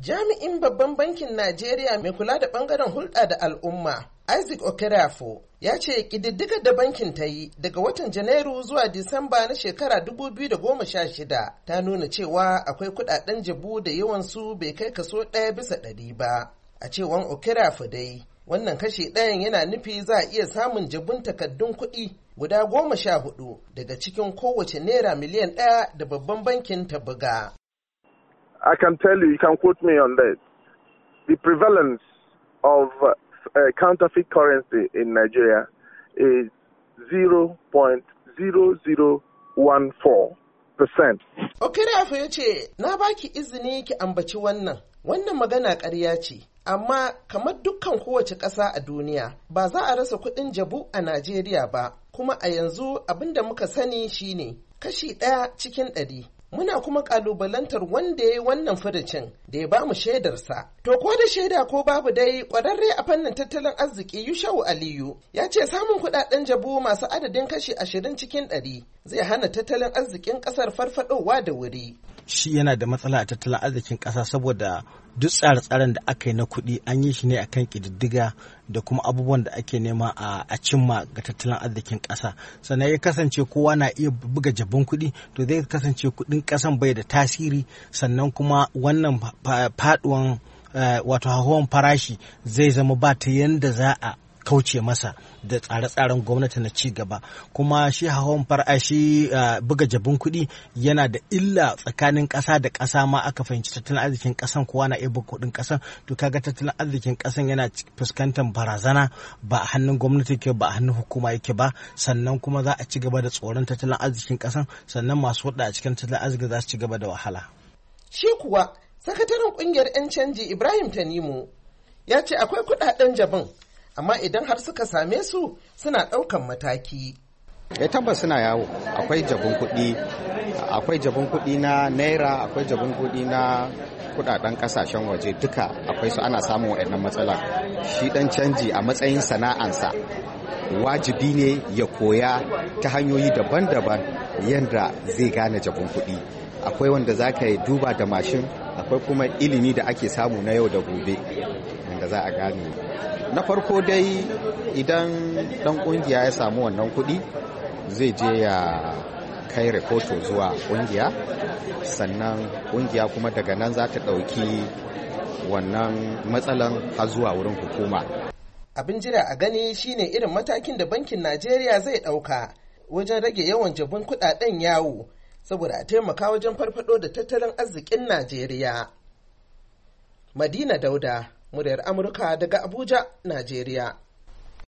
Jami'in babban bankin Najeriya mai kula da bangaren hulɗa da al'umma, Isaac Okerafo, ya ce ƙididdigar da bankin ta yi daga watan Janairu zuwa Disamba na shekara 2016 ta nuna cewa akwai kudaden jabu da yawansu bai kai kaso ɗaya bisa ɗari ba. A cewan Okerafo dai, wannan kashe ɗayan yana nufi za a iya samun jabun takaddun kuɗi guda goma sha hudu daga cikin kowace naira miliyan ɗaya da babban bankin ta buga. I can tell you, you can quote me on that. The prevalence of uh, uh counterfeit currency in Nigeria is 0.0014%. Okirafa ya ce, Na baki izini ki ambaci wannan, wannan magana ƙarya ce, amma kamar dukkan kowace ƙasa a duniya ba za a rasa kuɗin jabu a Najeriya ba, kuma a yanzu abin da muka sani shine kashi ɗaya cikin ɗari muna kuma kalubalantar wanda ya yi wannan furucin da ya bamu shaidarsa. To ko da shaida ko babu dai kwararre a fannin tattalin arziki Yushau Aliyu ya ce samun kuɗaɗen jabo masu adadin kashi ashirin cikin ɗari zai hana tattalin arzikin ƙasar farfaɗowa da wuri. shi yana da matsala a tattalin arzikin ƙasa saboda duk tsare-tsaren da aka yi na kuɗi an yi shi ne a kan ƙididdiga da kuma abubuwan da ake nema a cimma ga tattalin arzikin ƙasa sannan ya kasance kowa na iya buga jabin kuɗi to zai kasance kuɗin ƙasan bai da tasiri sannan kuma wannan faɗuwan eh, wato hawan farashi zai zama ba ta yadda za a kauce masa da tsare-tsaren gwamnati na ci gaba kuma shi hawan far'a eh, shi eh, buga jabin kuɗi yana da illa tsakanin ƙasa da ƙasa ma aka fahimci tattalin arzikin ƙasan kowa na iya kuɗin ƙasan to kaga tattalin arzikin ƙasan yana fuskantar barazana ba a hannun gwamnati ke ba a hannun hukuma yake ba sannan kuma za a ci gaba da tsoron tattalin arzikin ƙasan sannan masu hudda a cikin tattalin arziki za su ci gaba da wahala. Shi kuwa sakataren kungiyar 'yan canji Ibrahim Tanimu ya ce akwai kuɗaɗen jabin amma idan har suka same su suna ɗaukan mataki. ya eh, tabbas suna yawo akwai jabin kuɗi akwai jabin kuɗi na naira akwai jabin kuɗi na kudaden kasashen waje duka akwai su ana samun waɗannan matsala shi dan canji a matsayin sana'ansa wajibi ne ya koya ta hanyoyi daban-daban yadda zai gane jabin kuɗi akwai wanda za ka duba da mashin akwai kuma ilimi da ake samu na yau da gobe wanda za a gane na farko dai idan dan kungiya ya samu wannan kuɗi zai je ya kai rahoto zuwa kungiya sannan kungiya kuma daga nan za ta ɗauki wannan matsalan har zuwa wurin hukuma abin jira a gani shine irin matakin da bankin najeriya zai ɗauka wajen rage yawan jabin kuɗaɗen yawo saboda a taimaka wajen farfado da tattalin arzikin Najeriya. Madina Dauda, muryar Amurka daga Abuja, Najeriya.